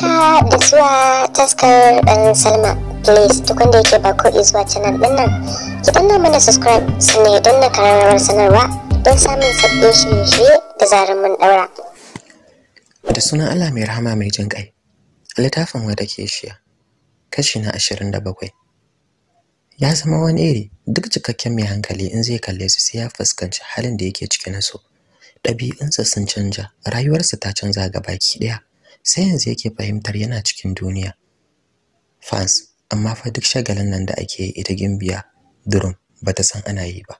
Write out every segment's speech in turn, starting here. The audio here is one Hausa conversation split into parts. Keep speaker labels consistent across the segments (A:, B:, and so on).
A: haka da zuwa taskar dan salma please duk wanda yake ba ko zuwa canal din nan ki danna mana subscribe sannan ya danna karamar sanarwa don samun sabbin shirye-shirye da zarar mun daura da sunan allah mai rahama mai jin kai littafin wata ke shiya kashi na ashirin da bakwai ya zama wani iri duk cikakken mai hankali in zai kalle su sai ya fuskanci halin da yake ciki na so ɗabi'unsa sun canja rayuwarsa ta canza ga baki ɗaya sai yanzu yake fahimtar yana cikin duniya fans amma fa duk shagalin nan da ake yi ita gimbiya durum bata san ana yi ba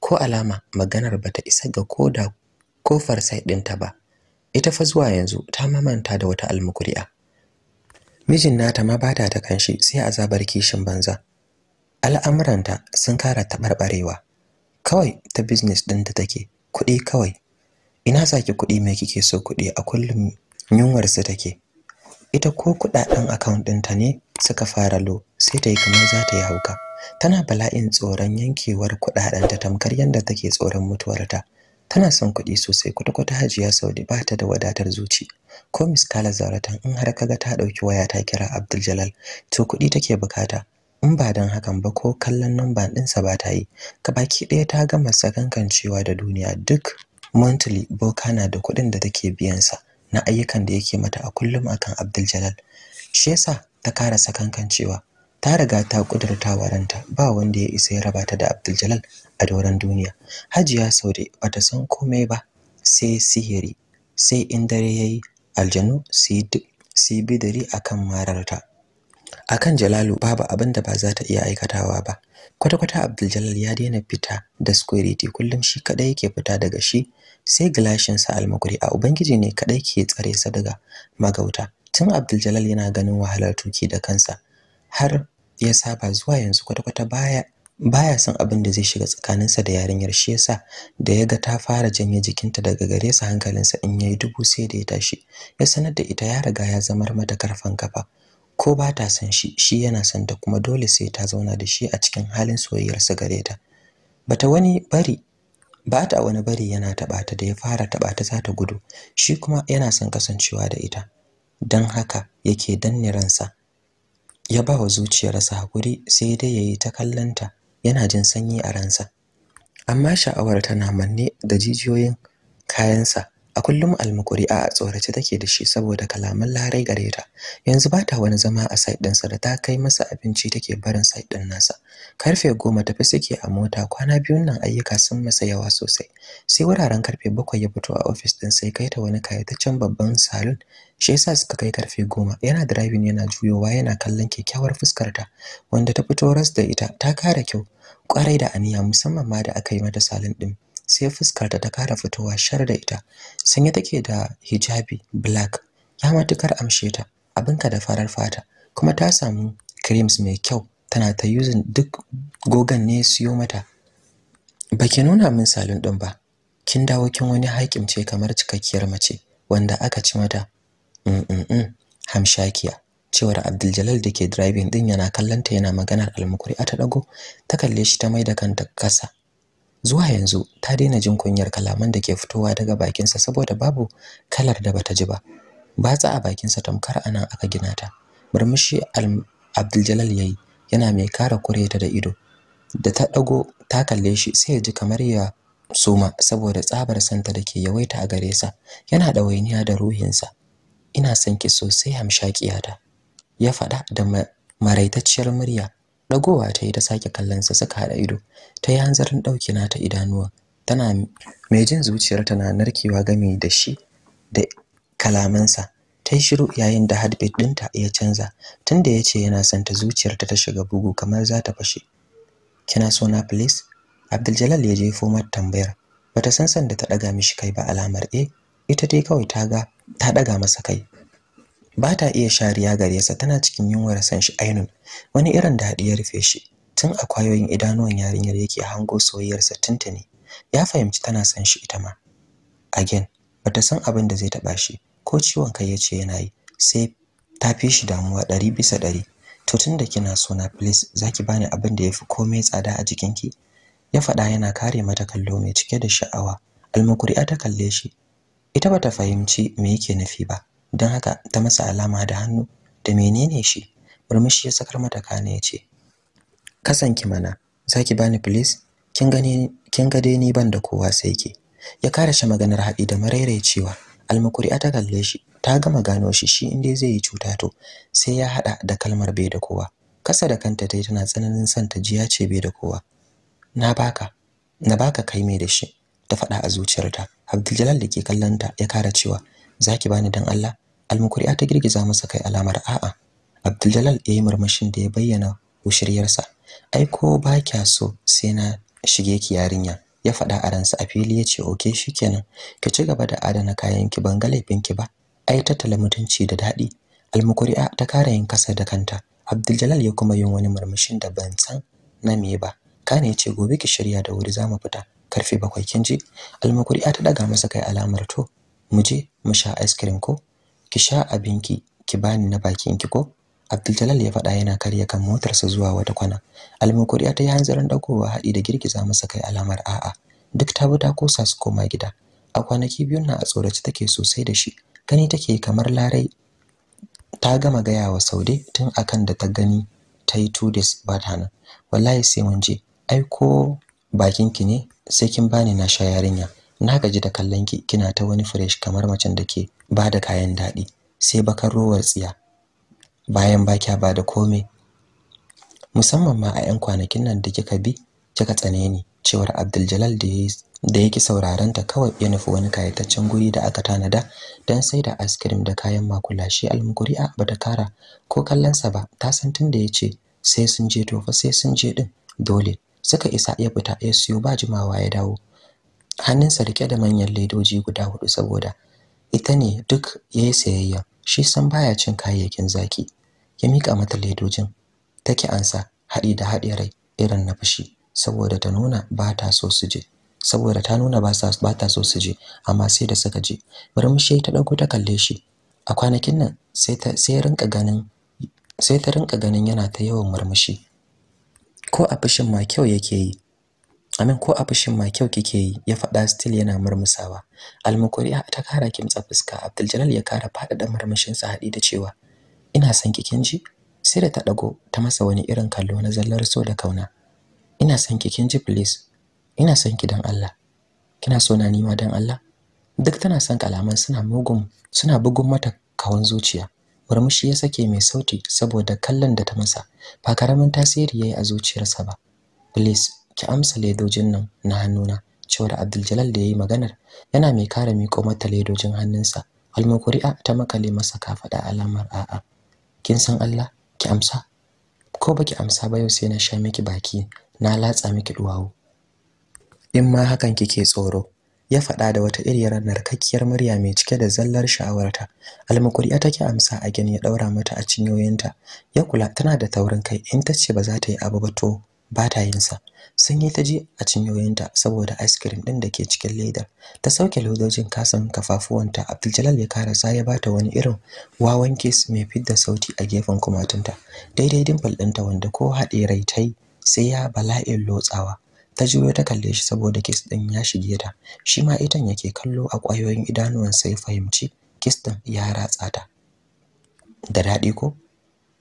A: ko alama maganar bata isa ga koda kofar farsai ɗinta ba ita fa zuwa yanzu ta mamanta da wata almukuri'a mijin nata ma bata ta kanshi sai azabar kishin banza al'amuranta sun kara taɓarɓarewa kawai ta business ɗin da take kuɗi kawai ina saki kuɗi mai kike so kuɗi a kullum yunwar yunwarsu take ita ko kudaden account ɗinta ne suka fara lo sai ta yi kamar za ta yi hauka tana bala'in tsoron yankewar kudaden ta tamkar yanda take tsoron mutuwarta tana son kuɗi sosai kwata-kwata hajiya saudi ba ta da wadatar zuci ko miss kala zaratan in har ka ga ta ɗauki waya ta kira abdul to kuɗi take bukata in ba don hakan ba ko kallon namba ɗinsa ba ta yi Ka baki ɗaya ta gama sakankancewa da duniya duk monthly boka na da kuɗin da take biyansa na ayyukan da yake mata a kullum akan Abdul Jalal shi yasa ta kara sakankan cewa ta riga ta kudurta wa ranta ba wanda ya isa ya raba ta da Abdul Jalal a doren duniya Hajiya Saude bata san komai ba sai sihiri sai in dare yayi aljanu sai sai bidari akan mararta akan Jalalu babu abin da ba za ta iya aikatawa ba kwata-kwata Abdul ya daina fita da security kullum shi kadai yake fita daga shi sai gilashin sa almakuri a ubangiji ne kadai ke tsare sa daga magauta tun Abdul yana ganin wahalar tuki da kansa har ya saba zuwa yanzu kwata-kwata baya baya san abin da zai shiga tsakaninsa da yarinyar shi yasa da ya ga ta fara janye jikinta daga gare sa hankalinsa in yayi dubu sai da ya tashi ya sanar da ita ya riga ya zamar mata karfan kafa ko ba ta san shi shi yana son ta kuma dole sai ta zauna da shi a cikin halin soyayyarsa gare ta bata wani bari ba ta wani bari yana taba ta da ya fara taɓata ta za ta gudu shi kuma yana son kasancewa da ita dan haka yake danne ransa ya ba wa zuciyarsa hakuri sai dai yayi ta kallanta yana jin sanyi a ransa amma sha'awar tana manne da jijiyoyin kayansa a kullum almukuri'a a tsorace take da shi saboda kalaman larai gare ta yanzu ba ta wani zama a site ɗinsa da ta kai masa abinci take barin site ɗin nasa karfe goma tafi suke a mota kwana biyun nan ayyuka sun masa yawa sosai sai wuraren karfe bakwai ya fito a ofis ɗin sai kai ta wani kayataccen babban salon shi yasa suka kai karfe goma yana driving yana juyowa yana kallon kyakkyawar fuskar ta wanda ta fito ras da ita ta kara kyau kwarai da aniya musamman ma da aka yi mata salon ɗin sai fuskarta ta kara fitowa shar da ita sanye take da hijabi black ya matukar amshe ta abinka da farar fata kuma ta samu creams mai kyau tana ta using duk gogan ne siyo mata Ba baki nuna min salon din ba kin dawo kin wani ce kamar cikakkiyar mace wanda aka ci mata mm mm hamshakiya cewar Abdul da ke driving din yana kallanta yana maganar almukuri a ta dago ta kalle shi ta mai da kanta kasa zuwa yanzu ta daina jin kunyar kalaman da ke fitowa daga bakinsa saboda babu kalar da bata ji ba batsa a bakinsa tamkar anan aka gina ta murmushi Abdul yayi yana mai kara kureta da ido da ta dago ta kalle shi sai ya ji kamar ya soma saboda tsabar santa da ke yawaita a gare sa yana ɗawainiya da ruhinsa ina son ki sosai hamshakiyata ya faɗa da maraitacciyar murya dagowa ta yi ta sake kallon sa suka hada ido ta yi hanzarin dauki nata idanuwa tana mai jin zuciyar na narkewa game da shi da kalamansa ta yi shiru yayin da heartbeat ta ya canza tunda ya ce yana son ta zuciyarta ta shiga bugu kamar za ta fashe kina so na please abdul ya je mata tambayar bata san san da ta daga mishi kai ba alamar eh ita dai kawai ta ga ta daga masa kai ba ta iya shariya gare sa tana cikin yunwar san shi ainun wani irin daɗi ya rufe shi tun a kwayoyin idanuwan yarinyar yake hango soyayyarsa tuntuni ya fahimci tana san shi ita ma again bata san abin da zai taɓa shi ko ciwon kai ya ce yana yi sai ta fi shi damuwa ɗari bisa ɗari to tun da kina so na please zaki bani abin da ya yafi komai tsada a jikinki ya faɗa yana kare mata kallo mai cike da sha'awa almakuri'a ta kalle shi ita bata fahimci me yake nufi ba don haka ta masa alama da hannu da menene shi murmushi ya sakar mata kana ya ce kasan ki mana za ki bani please kin ga dai ni ban da kowa sai ke ya kare shi maganar haɗi da cewa a ta kalle shi ta gama gano shi shi inda zai yi cuta to sai ya haɗa da kalmar bai da kowa kasa da kanta tai tana tsananin son ta ji ya ce bai da kowa na baka na baka kai mai da shi ta faɗa a zuciyarta Abdul da ke kallonta ya kara cewa zaki bani dan Allah almukuri'a ta girgiza masa kai alamar a'a abdul ya yi murmushin da ya bayyana ushiryarsa ai ko ba kya so sai na shige ki yarinya ya faɗa a ransa a fili ya ce oke kenan. ki ci gaba da adana kayan ki, ban ga laifin ki ba ai tattala mutunci da daɗi almukuri'a ta kara yin kasa da kanta abdul ya kuma yin wani murmushin da ban san na me ba kane ya ce gobe ki shirya da wuri za mu fita karfe bakwai kin ji almukuri'a ta ɗaga masa kai alamar to mu je mu sha ice cream ko ki sha abinki ki bani na bakinki ko Abdul ya faɗa yana karya kan motarsa zuwa wata kwana Almukuriya ta yi hanzarin ɗaukowa haɗi da girgiza masa kai alamar a'a duk ta bi ta kosa su koma gida a kwanaki biyun na a tsorace take sosai da shi gani take kamar larai ta gama gaya wa saude tun akan da ta gani ta yi two days ba ta nan wallahi sai mun je ai ko bakinki ne sai kin bani na sha yarinya na gaji da kallon ki kina ta wani fresh kamar macen da ke ba da kayan daɗi sai bakar rowar tsiya bayan ba kya ba da komai musamman ma a 'yan kwanakin nan da kika bi kika tsane ni cewar Abdul Jalal da da yake sauraron ta kawai ya nufi wani kayataccen guri da aka tanada don sai da ice cream da kayan makulashi almukuri'a bata kara ko kallonsa ba ta san tun da ya ce sai sun je to fa sai sun je din dole suka isa ya fita ya siyo ba jimawa ya dawo hannunsa rike da manyan ledoji guda hudu saboda ita ne duk ya yi sayayya shi san baya cin kayayyakin zaki ya mika mata ledojin take ansa haɗi da haɗe rai irin na fushi saboda ta nuna ba ta so su je saboda ta nuna ba ta so su je amma sai da suka je murmushi ta dauko ta kalle shi a kwanakin nan sai ta sai rinka ganin sai ta rinka ganin yana ta yawan murmushi ko a fushin ma kyau yake yi amin ko a fushin ma kyau kike yi ya faɗa still yana murmusawa almukuri ta kara kimtsa fuska abdul ya kara faɗaɗa sa haɗi da cewa ina son ki kinji sai da ta ɗago ta masa wani irin kallo na zallar so da kauna ina son ki kinji please ina son ki dan Allah kina so na nima dan Allah duk tana son kalaman suna mugun suna bugun mata kawan zuciya murmushi ya sake mai sauti saboda kallon da ta masa ba karamin tasiri yayi a zuciyarsa ba please ki amsa ledojin nan na hannuna cewar Abdul da yayi maganar yana mai kare miko mata ledojin hannunsa almukuri'a ta makale masa ka faɗa alamar a'a kin san Allah ki amsa ko baki amsa ba yau sai na sha miki baki na latsa miki duwawo in ma hakan kike tsoro ya faɗa da wata iriyar narkakkiyar murya mai cike da zallar sha'awarta almukuri'a take amsa a gani ya ɗaura mata a cinyoyinta ya kula tana da taurin kai in ta ce ba za ta yi abu ba to ba ta yin sa sun yi ta a a cinyoyinta saboda ice cream din da ke cikin ledar ta sauke lodojin kasan kafafuwanta Abdul ya kara sa ya bata wani irin wawan kes mai fidda sauti a gefen kumatunta daidai dimple ɗinta wanda ko haɗe rai ta yi sai ya bala'in lotsawa ta juyo ta kalle shi saboda kes din ya shige ta shi ma itan yake kallo a ƙwayoyin idanuwan sai fahimci kes din ya ratsa ta da daɗi ko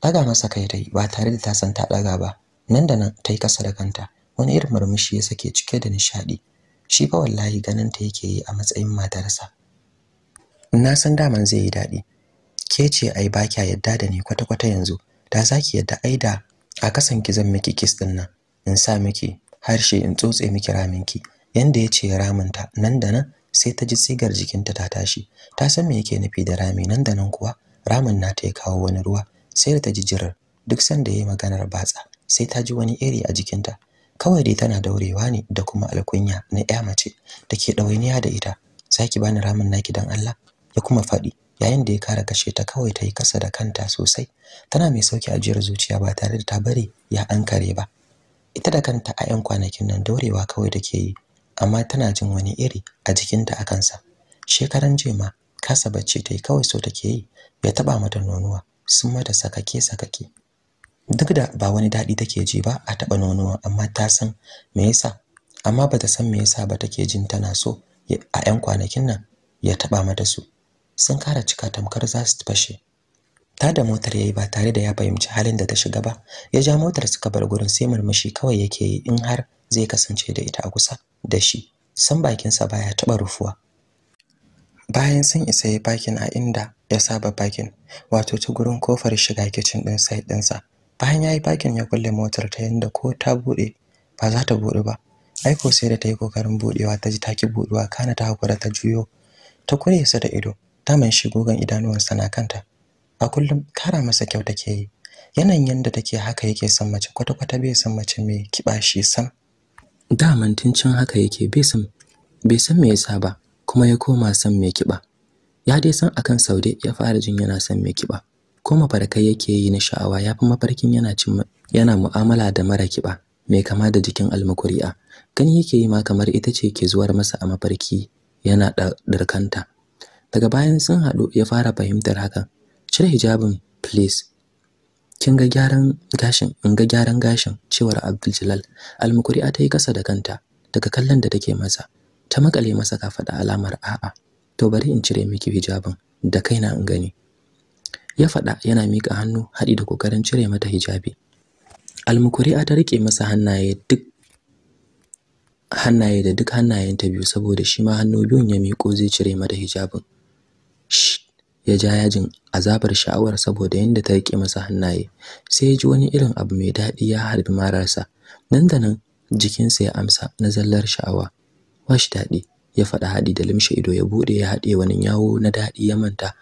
A: ɗaga masa kai dai ba tare da ta san ta ɗaga ba nan da nan ta yi ƙasa da kanta wani irin murmushi ya sake cike da nishaɗi shi fa wallahi ganin ta yake yi a matsayin matarsa na san daman zai yi daɗi ke ce ai ba kya yadda da ni kwata-kwata yanzu da za ki yadda ai da a kasan ki zan miki kis ɗin nan in sa miki harshe in tsotse miki raminki yanda ya ce raminta nan da nan sai ta ji tsigar jikinta ta tashi ta san me yake nufi da rami nan da nan kuwa ramin nata ya kawo wani ruwa sai da ta ji jirar duk sanda ya yi maganar batsa sai ta ji wani iri a jikinta kawai dai tana daurewa ne da kuma alkunya na ya mace da ke ɗawainiya da ita ki bani ramin naki dan Allah ya kuma faɗi yayin da ya kara kashe ta kawai ta yi kasa da kanta sosai tana mai sauki ajiyar zuciya ba tare da ta bari ya ankare ba ita da kanta a 'yan kwanakin nan daurewa kawai da ke yi amma tana jin wani iri a jikinta a kansa shekaran jema kasa bacci ta yi kawai so take yi ya taɓa mata nonuwa sun mata sakake sakake duk da ba wani daɗi take ji ba a taɓa nonuwa amma ta san me yasa amma bata san me yasa ba take jin tana so a 'yan kwanakin nan ya taɓa mata su sun kara cika tamkar za su fashe ta da motar yayi ba tare da ya fahimci halin da ta shiga ba ya ja motar suka bar gurin sai murmushi kawai yake yi in har zai kasance da ita a kusa da shi san bakin sa baya taɓa rufuwa bayan sun isa ya bakin a inda ya saba bakin wato ta gurin kofar shiga kicin din sai dinsa bayan ya yi bakin ya kulle motar ta yadda ko ta buɗe ba za ta buɗe ba aiko sai da ta yi kokarin buɗewa ta ji ta ki buɗewa kana ta hakura ta juyo ta kure sa da ido ta man shigo gan idanuwansa na kanta a kullum kara masa kyau take yi yanayin yadda take haka yake son mace kwata-kwata bai san mace mai kiba shi sam da haka yake bai san bai san me yasa ba kuma ya koma san mai kiba ya dai san akan saude ya fara jin yana san mai kiba ko mafarkai yake yi na sha'awa ya fi mafarkin yana cin mu'amala da mara kiba mai kama da jikin almakuri'a gani yake yi ma kamar ita ce ke zuwar masa a mafarki yana ɗarkanta daga bayan sun haɗu ya fara fahimtar hakan cire hijabin please kin ga gyaran gashin in ga gyaran gashin cewar Abdul almakuri'a ta yi kasa da kanta daga kallon da take masa ta makale masa kafaɗa alamar a'a to bari in cire miki hijabin da kaina in gani ya faɗa yana mika hannu haɗi da ƙoƙarin cire mata hijabi a ta rike masa hannaye duk hannaye da duk hannayen ta biyu saboda shi ma hannu biyun ya miƙo zai cire mata hijabin ya ja yajin azabar sha'awar saboda yadda ta rike masa hannaye sai ya ji wani irin abu mai daɗi ya harbi mararsa nan da nan jikinsa ya amsa na zallar sha'awa ba shi daɗi ya faɗa haɗi da limshe ido ya buɗe ya haɗe wani yawo na daɗi ya manta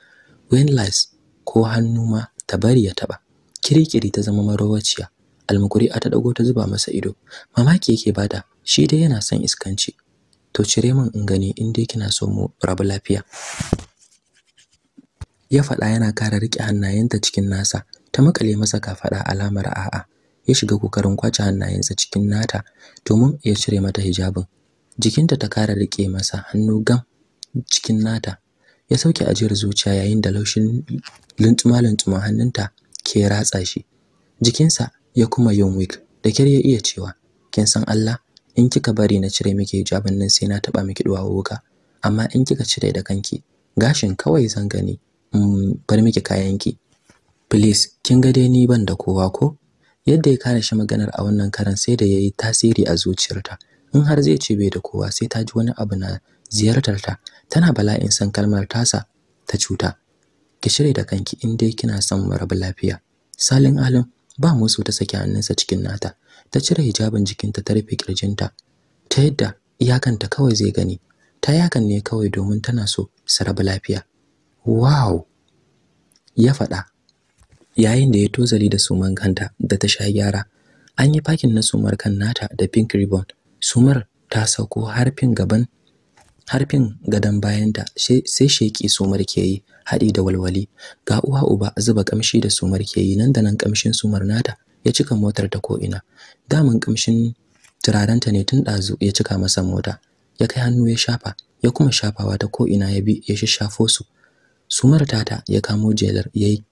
A: windlass ko hannu ma ta bari ya taɓa kirikiri ta zama marowaciya almukuri a ta dago ta zuba masa ido mamaki yake bada shi dai yana son iskanci to cire min in gani in dai kina so mu rabu lafiya ya faɗa yana kara rike hannayenta cikin nasa ta makale masa kafaɗa alamar a'a ya shiga kokarin kwace hannayensa cikin nata domin ya cire mata hijabin jikinta ta kara rike masa hannu gam cikin nata ya sauke ajiyar zuciya yayin da laushin luntsuma lintsuma hannunta ke ratsa shi jikinsa ya kuma yin wik da kyar ya iya cewa kin san Allah in kika bari na cire miki hijabin nan sai na taba miki duwawuka amma in kika cire da kanki gashin kawai zan gani in mm, bar miki kayanki please kin ga dai ni ban da kowa ko yadda ya kare shi maganar a wannan karan sai da yayi tasiri a zuciyarta in har zai ce bai da kowa sai ta ji wani abu na ziyartar ta tana bala'in san kalmar tasa ta cuta ki shirye da kanki in dai kina son mu rabu lafiya salin alim ba musu ta saki hannunsa cikin nata ta cire hijabin jikinta ta rufe kirjinta ta yadda iyakanta kawai zai gani ta yakan ne kawai domin tana so su rabu lafiya wow ya faɗa yayin da ya tozali da suman kanta da ta sha gyara an yi fakin na sumar kan nata da pink ribbon sumar ta sauko harfin gaban harfin gadon bayanta sai sheki sumar ke yi haɗi da walwali ga uwa uba zuba kamshi da sumar ke yi nan da nan kamshin sumar nata ya cika motar ta ko'ina daman kamshin turarenta ne tun ɗazu ya cika masa mota ya kai hannu ya shafa ya kuma shafawa ta ko'ina ya bi ya shafo su sumar tata ya kamo jelar ya yi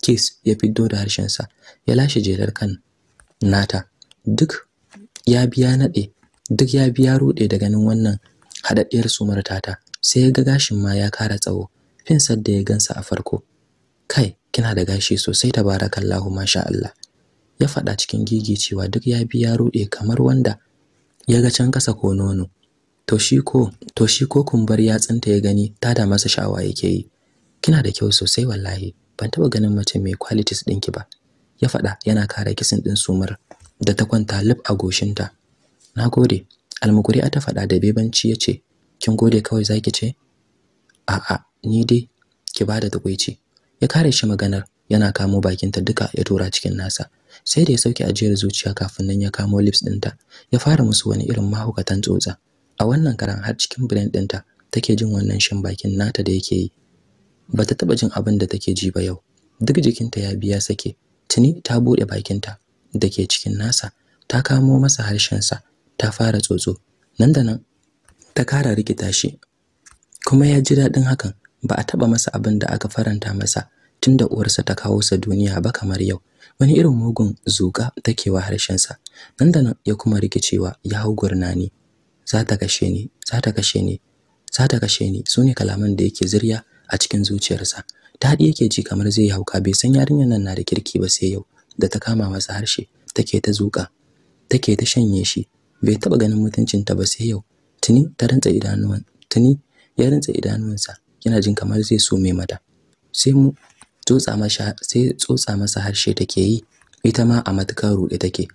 A: kes ya fiddo da harshensa ya lashe jelar kan nata duk ya biya naɗe duk ya biya ruɗe da ganin wannan haɗaɗɗiyar sumar tata sai ya ga gashin ma ya kara tsawo fin da ya gansa a farko kai kina da gashi sosai tabarakallahu masha Allah ya faɗa cikin cewa duk ya bi ya ruɗe kamar wanda ya ga can kasa ko nono to shi ko to shi ko kumbar yatsinta ya gani ta da masa sha'awa yake yi kina da kyau sosai wallahi ban taɓa ganin mace mai qualities ɗinki ba ya faɗa yana kare kisin ɗin sumar da ta kwanta lif a goshinta Na gode. almukuri ta faɗa da bebanci ya ce kin gode kawai zaki ce a'a ni dai ki bada takwaici ya kare shi maganar yana kamo bakinta duka ya tura cikin nasa sai da ya sauke ajiyar zuciya kafin nan ya kamo lips ɗinta ya fara musu wani irin mahukatan tsotsa a wannan karan har cikin brain ɗinta take jin wannan shin bakin nata da yake yi bata taba jin abin da take ji ba yau duk jikinta ya biya sake tuni ta bude bakinta dake cikin nasa ta kamo masa harshen sa ta fara tsotso nan da nan ta kara rikita shi kuma ya ji daɗin hakan ba a taɓa masa abin da aka faranta masa tunda da uwarsa ta kawo sa duniya ba kamar yau wani irin mugun zuƙa take wa sa. nan da nan ya kuma rikicewa ya hau gurnani za ta kashe ni za ta kashe ni za ta kashe ni su ne kalaman da yake zirya a cikin zuciyarsa ta haɗi yake ji kamar zai hauka bai san yarinyar nan na da kirki ba sai yau da ta kama masa harshe take ta zuƙa take ta shanye shi bai taɓa ganin mutuncin ta ba sai yau tuni ta rantsa idanuwan tuni ya rantsa idanuwansa yana jin kamar zai so mai mata sai mu tsotsa masa sai tsotsa masa harshe take yi ita ma a matukar ruɗe take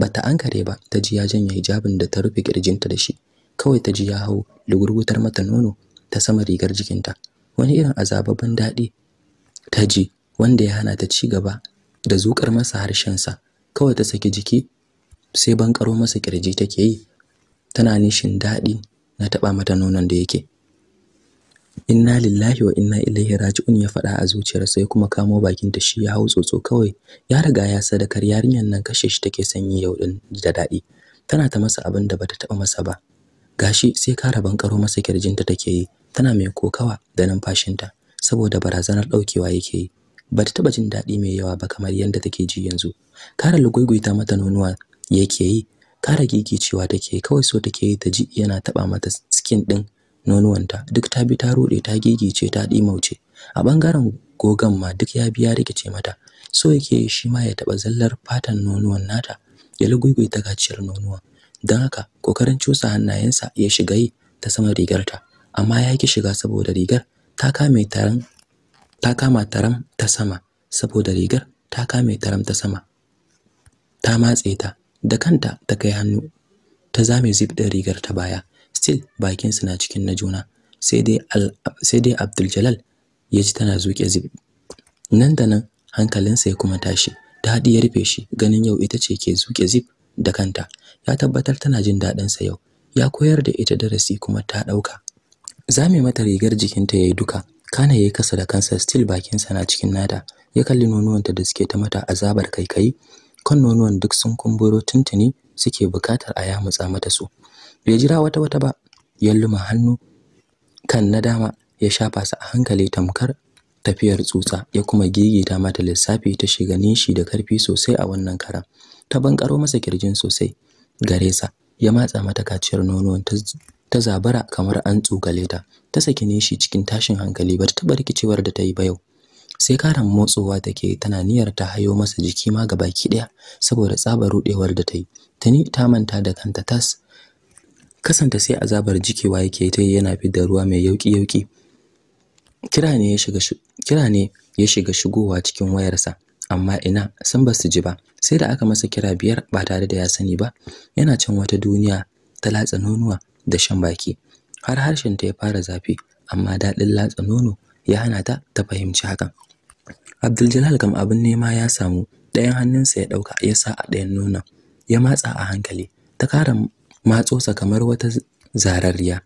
A: bata ankare ba ta ji ya janye hijabin da ta rufe kirjinta da shi kawai ta ji ya hau lugurgutar mata nono ta sama rigar jikinta wani irin azababban daɗi ta ji wanda ya hana ta ci gaba da zukar masa harshen sa, kawai ta saki jiki sai ban karo masa kirji take yi tana nishin daɗi na taba mata nonon da yake inna lillahi wa inna ilaihi raji'un ya faɗa a zuciyar sai kuma kamo bakin bakinta shi ya hau tsotso kawai ya riga ya sadakar yarinyar nan kashe shi take sanyi yau din da daɗi tana ta masa abin da bata taɓa masa ba gashi sai kara bankaro masa kirjin ta take yi tana mai kokawa da numfashinta saboda barazanar ɗaukewa yake yi bata taɓa jin daɗi mai yawa ba kamar yadda take ji yanzu kara ta mata nonuwa yake yi ƙara gigicewa take kawai so take yi ta ji yana taba mata skin ɗin nonuwanta duk ta bi ta ruɗe ta gigice ta ɗimauce a ɓangaren gogan ma duk ya biya ya rikice mata so yake shi ma ya taɓa zallar fatan nonuwan nata ya lugugwe ta gaciyar nonuwa don haka kokarin cusa hannayensa ya shiga yi ta sama rigarta amma ya ki shiga saboda rigar ta kame taran ta kama taram ta sama saboda rigar ta kame taram ta sama ta matse ta da kanta ta kai hannu ta zame zip ɗin rigar ta baya still bakin na cikin na juna sai dai sai dai Abdul Jalal ya ji tana zuke zip nan da nan hankalinsa ya kuma tashi ta haɗi ya rufe shi ganin yau ita ce ke zuke zip da kanta ya tabbatar tana jin sa yau ya koyar da ita darasi kuma ta ɗauka zame mata rigar jikinta yayi duka kana yayi kasa da kansa still bakinsa na cikin nata. ya kalli nonuwanta da suke ta mata azabar kai kan nonuwan duk sun kumburo tuntuni suke bukatar a yamutsa mata su bai jira wata wata ba ya luma hannu kan na dama ya shafa su a hankali tamkar tafiyar tsutsa ya kuma gigita mata lissafi ta shiga nishi da karfi sosai a wannan karan ta bankaro masa kirjin sosai gare sa ya matsa mata kaciyar nonuwan ta ta zabara kamar an tsugale ta ta saki nishi cikin tashin hankali bata ta barki rikicewar da ta yi ba yau sai karan motsowa take tana niyyar ta hayo masa jiki ma baki daya saboda tsabar rudewar da ta yi ta manta da kanta tas kasanta sai azabar jikewa yake ta yana da ruwa mai yauki yauki kira ne ya shiga kira ne ya shiga shigowa cikin wayarsa amma ina san ba su ji ba sai da aka masa kira biyar ba tare da ya sani ba yana cin wata duniya ta latsa nonuwa da shan baki har harshen ta ya fara zafi amma daɗin latsa nono ya hana ta ta fahimci hakan Abdul kam abin nema ya samu ɗayan hannunsa ya ɗauka ya sa a ɗayan nonon ya matsa a hankali ta ƙara matsosa kamar wata zarariya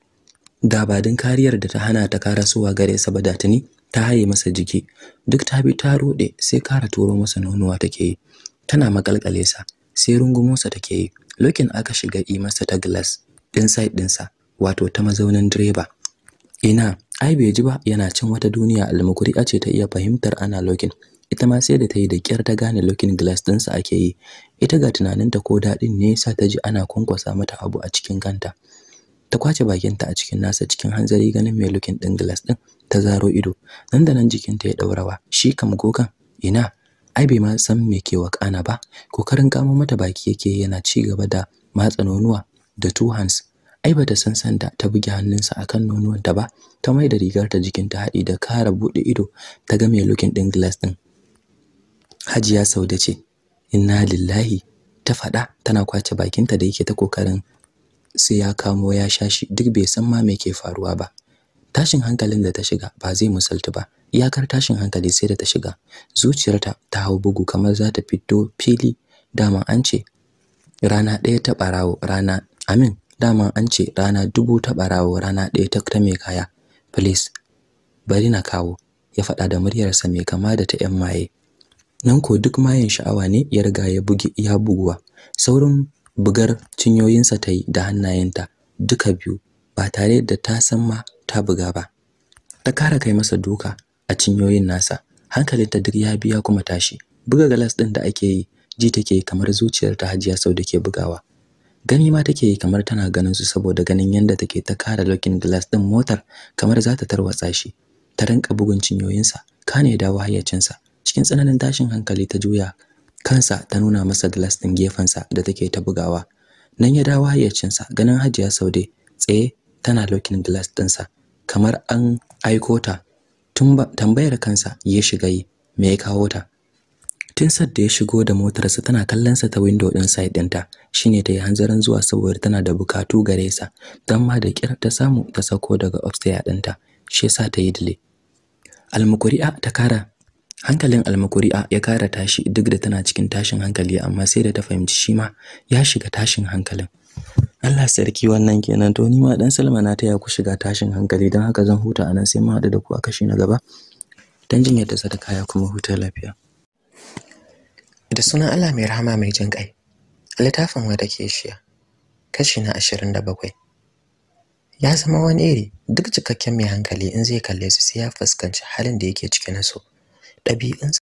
A: da kariyar da ta hana ta suwa gare sa ba da tuni ta haye masa jiki duk ta bi ta ruɗe sai ƙara turo masa nonuwa take yi tana makalkale sa sai rungumosa take yi lokin aka shiga yi masa ta glass din side ɗinsa wato ta mazaunin direba ina ai bai ji ba yana cin wata duniya almukuri'a ce ta iya fahimtar ana lokin ita ma sai da ta yi da kyar ta gane lokin glass ɗinsa ake yi ita ga tunaninta ko daɗin ne sa ta ji ana kwankwasa mata abu a cikin kanta ta kwace bakinta a cikin nasa cikin hanzari ganin mai lokin ɗin glass ɗin ta zaro ido nan da nan jikinta ya ɗaurawa shi kam gogan ina ai bai ma san me ke wakana ba kokarin kamo mata baki yake yana ci gaba da matsa da two hands ai bata san sanda ta buge hannunsa akan ta ba ta mai da rigar ta jikin ta haɗi da kara buɗe ido ta ga mai looking ɗin glass ɗin hajiya sauda ce inna lillahi ta faɗa tana kwace bakinta da yake ta kokarin sai ya kamo ya shashi duk bai san ma me ke faruwa ba tashin hankalin da ta shiga ba zai musaltu ba iyakar tashin hankali sai da ta shiga zuciyarta ta hau bugu kamar za ta fito fili dama an ce rana ɗaya ta ɓarawo rana amin daman an ce rana dubu ta ɓarawo rana ɗaya ta ta mai kaya please bari na kawo ya faɗa da muryarsa mai kama da ta 'yan maye nan ko duk mayan sha'awa ne ya riga ya bugi ya buguwa saurin bugar cinyoyinsa ta yi da hannayenta duka biyu ba tare da ta san ma ta buga ba ta kara kai masa duka a cinyoyin nasa hankalinta duk ya biya kuma tashi buga galas ɗin da ake yi ji take kamar zuciyar ta hajiya sau da ke bugawa Gani ma take yi kamar tana ganin su saboda ganin yanda take ta kare looking glass din motar kamar za ta tarwatsa shi ta rinka bugun cinyoyinsa kane dawo hayyacinsa cikin tsananin tashin hankali ta juya kansa ta nuna masa glass din gefensa da take ta bugawa nan ya dawo hayyacinsa ganin hajiya saude tsaye tana looking glass ɗinsa kamar an aiko ta tambayar kansa ya shiga yi me ya kawo ta tun sadda ya shigo da motarsa tana kallon sa ta window ɗin side dinta shine ta yi hanzarin zuwa saboda tana da bukatu gare sa don ma da ƙyar ta samu ta sako daga upstairs dinta shi yasa ta yi delay almukuri'a ta kara hankalin almukuri'a ya kara tashi duk da tana cikin tashin hankali amma sai da ta fahimci shi ma ya shiga tashin hankalin Allah sarki wannan kenan to ni ma dan Salma na taya ku shiga tashin hankali dan haka zan huta anan sai mu haɗu da ku a kashi na gaba dan jinyar da ta kaya kuma huta lafiya da sunan Allah mai rahama mai jin ƙai littafin wata shiya kashi na 27 ya zama wani iri duk cikakken mai hankali in zai kalle su sai ya fuskanci halin da yake ciki na so ɗabi'unsa